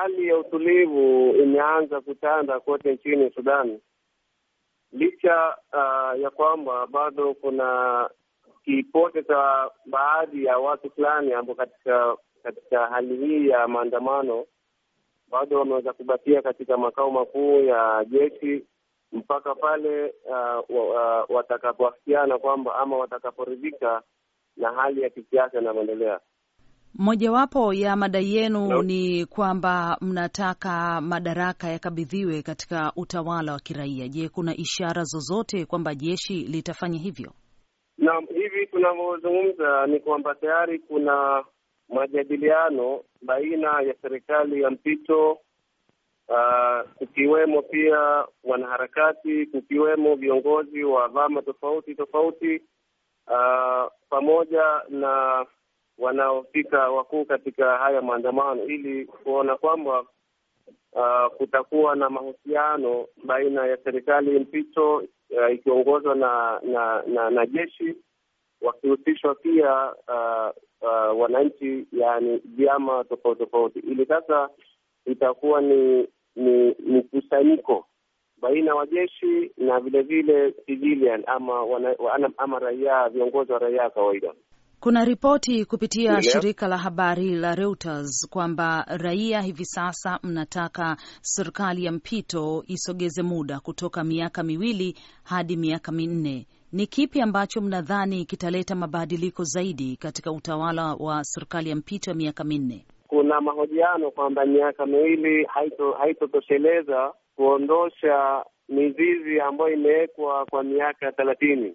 hali ya utulivu imeanza kutanda kote nchini Sudan licha uh, ya kwamba bado kuna kipote cha baadhi ya watu fulani ambao katika katika hali hii ya maandamano bado wameweza kubakia katika makao makuu ya jeshi mpaka pale uh, uh, watakapoafikiana kwamba ama watakaporidhika na hali ya kisiasa inavyoendelea Mojawapo ya madai yenu no. ni kwamba mnataka madaraka yakabidhiwe katika utawala wa kiraia. Je, kuna ishara zozote kwamba jeshi litafanya hivyo? Naam, hivi tunavyozungumza ni kwamba tayari kuna majadiliano baina ya serikali ya mpito uh, kukiwemo pia wanaharakati, kukiwemo viongozi wa vyama tofauti tofauti uh, pamoja na wanaofika wakuu katika haya maandamano ili kuona kwamba uh, kutakuwa na mahusiano baina ya serikali mpito uh, ikiongozwa na na, na na jeshi wakihusishwa pia uh, uh, wananchi, yani vyama tofauti tofauti, ili sasa itakuwa ni ni mkusanyiko baina jeshi na vilevile civilian ama ama raia, viongozi wa raia kawaida. Kuna ripoti kupitia yeah, shirika la habari la Reuters kwamba raia hivi sasa mnataka serikali ya mpito isogeze muda kutoka miaka miwili hadi miaka minne. Ni kipi ambacho mnadhani kitaleta mabadiliko zaidi katika utawala wa serikali ya mpito ya miaka minne? Kuna mahojiano kwamba miaka miwili haitotosheleza haito kuondosha mizizi ambayo imewekwa kwa miaka thelathini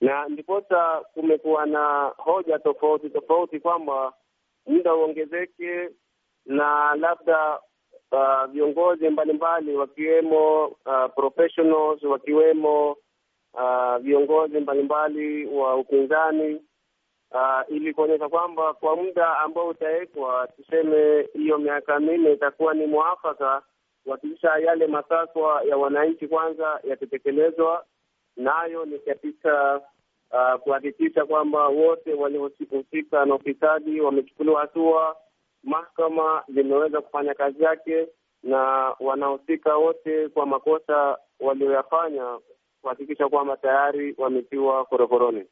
na ndiposa kumekuwa na hoja tofauti tofauti kwamba muda uongezeke na labda uh, viongozi mbalimbali wakiwemo uh, professionals wakiwemo uh, viongozi mbalimbali wa upinzani uh, ili kuonyesha kwamba kwa muda ambao utawekwa, tuseme hiyo miaka minne, itakuwa ni mwafaka kuhakikisha yale matakwa ya wananchi kwanza yatetekelezwa, nayo ni katika uh, kuhakikisha kwamba wote waliohusika na ufisadi wamechukuliwa hatua. Mahakama zimeweza kufanya kazi yake na wanahusika wote kwa makosa walioyafanya kuhakikisha kwamba tayari wametiwa korokoroni.